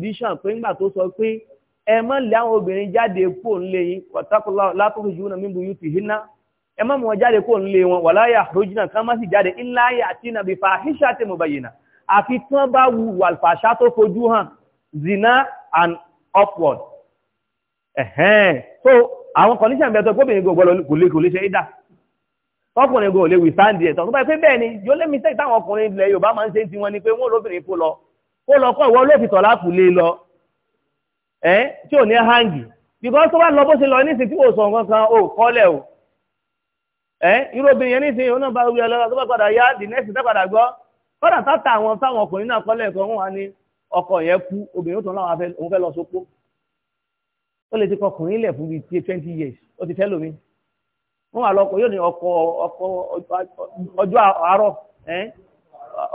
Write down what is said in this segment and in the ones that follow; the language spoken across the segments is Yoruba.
condition pé ńgbà tó sọ pé ẹ má lé àwọn obìnrin jáde kó ń lé yín wàtákù látòkè jùlọ mi bu yùtì hinna ẹ má mú wọn jáde kó ń lé wọn wàlá yà rojina kán má sì jáde ńlá yà àti nàbí fàáhíṣà tẹ mo bàyìnà àfi tí wọn bá wu wàlfàṣà tó fojú hàn zina and upward. Ẹ̀hẹ́n. So, àwọn condition bẹ̀rẹ̀ tó gbóbìnrin gbogbo kò lè kò lè ṣe ìdá. Tọ́kùnrin gbogbo lè withstand ẹ̀ tọ́. Tó bá pé bẹ́ẹ̀ ni, yóò lé mistake táwọn ọkùnrin ilẹ̀ Yorùbá máa ń ṣe ti wọn ni pé wọ́n lóbìnrin kó lọ ó lọ kọ́ ìwọ lọ ẹ́ tí ò ní hangi because tó bá lọ bó ṣe lọ ní ìsìnkú òsàn kankan ò kọ́lẹ̀ o ẹ́ irú obìnrin yẹn ní ìsìn òun náà bá wí ọlọ́rọ̀ tó bá padà yá the next day padà gbọ́ kọ́dà àwọn táwọn ọkùnrin kan wọ́n wá ọkọ yẹn kú obìnrin tó náà òun fẹ́ lọ ó lè ti kọ years ó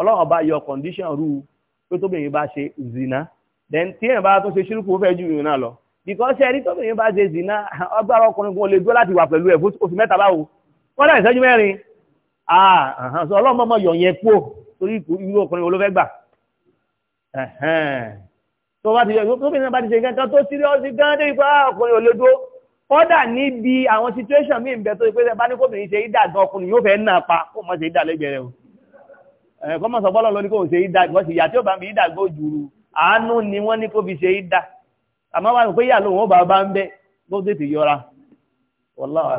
ọlọ́run bá yọ condition rú pé tóbìnrin bá ṣe zina then tí èèyàn bá tó ṣe ṣírùkù ó fẹ́ ju ìrìn náà lọ because ẹni tóbìnrin bá ṣe zina ọgbàrá ọkùnrin kan lè dúró láti wà pẹ̀lú ẹ̀ oṣù mẹ́ta báwo wọ́n dá ìṣẹ́jú mẹ́rin ah so ọlọ́run mọ̀mọ́ yọ yẹn kú torí irú ọkùnrin olófẹ́ gbà tó bá ti yọ tóbìnrin bá ti ṣe nǹkan tó síríọ́sì gan dé ipá ah, ọkùnrin olódó kódà níbi àwọn situation míì ń bẹ tó ṣe pé bá ní kóbìnrin ṣe ìdà gan ọkùnrin yóò fẹ́ náà pa kó mọ̀ ṣe ìdà lẹ́gbẹ̀ẹ́ rẹ̀ o Eh, kọ́mọ̀ sọ bọ́lọ̀ lóní kò ṣe ìdá ìwọ́n sì yà tí ó bá mi ìdá gbó jùlù àánú ni wọ́n ní kó fi ṣe ìdá àmọ́ wà pé yà lóhun ó bá bá ń bẹ́ ló tètè yọra wọ́láwà